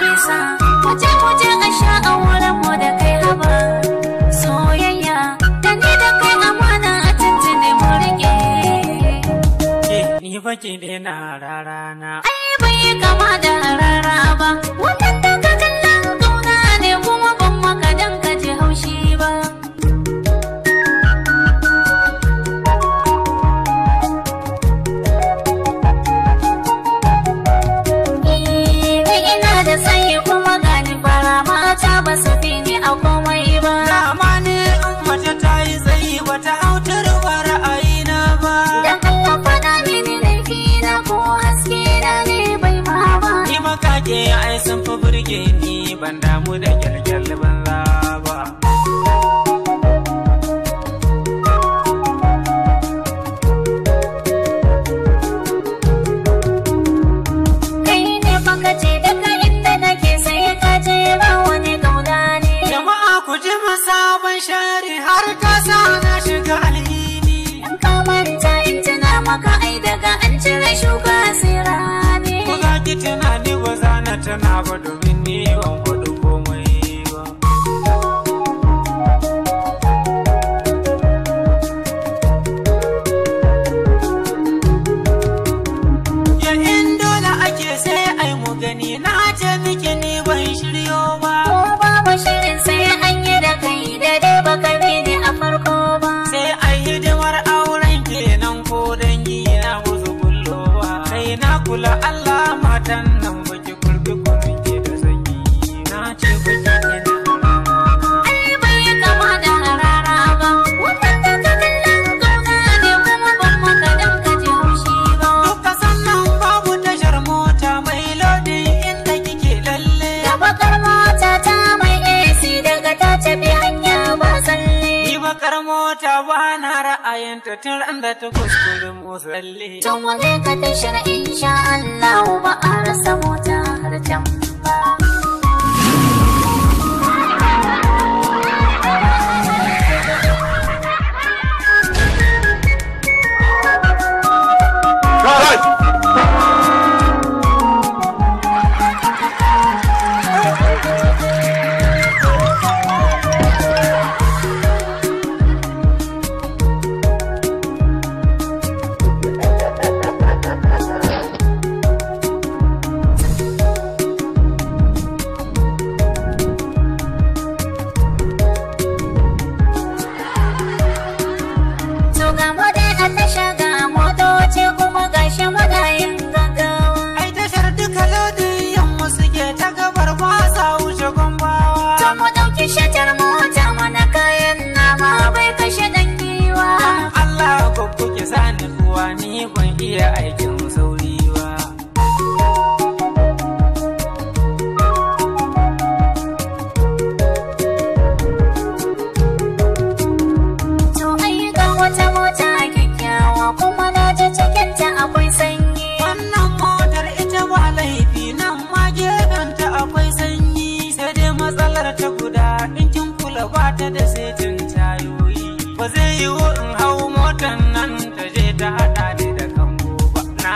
nisa Muje muje a sha a wurin mu da kai haba Soyayya da ni da kai amana a tuntune mu rike Ni fa ki daina rarana Ai bai kama da rara ba wannan ban damu da kyalkyal banza ba kai ne baka ce daga inda nake sai ka ce ba wani kauna ne jama'a ku ji mu sabon shari har ka sa na shiga alhini in ka manta in tana daga an cire shuka sai rani za ki tunani ba za na tana ba domin ni ta bana ra'ayinta tun ran da ta kuskure musalli. Tun wani ka ta shir'in ban iya aikin sauri ba to ayyukan wata mota kyakkyawa kuma na ji cikinta akwai sanyi wannan motar ita ba laifi nan ma gefenta akwai sanyi sai dai matsalar ta guda in kin kula ba ta da setin tayoyi ba zai yiwu in hau motan nan ta je ta haɗa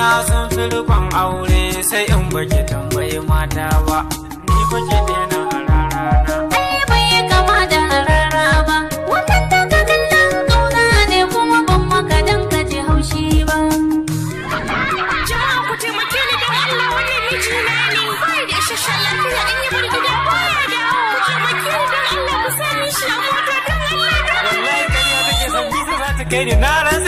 manya sun fi rikon aure sai in baki tambayi mata ba ni baki daina a rarana ai eh, bai yi kama da rara ba wannan daga kallon kauna ne kuma ban maka dan ka ji haushi ba jama'a ku taimake ni don Allah wani miji na ne bai da isasshen lafiya in yi bar gida baya da ku taimake ni don Allah ku sani shi a mota don Allah don Allah wallahi kariya take son biza za ta kai ni na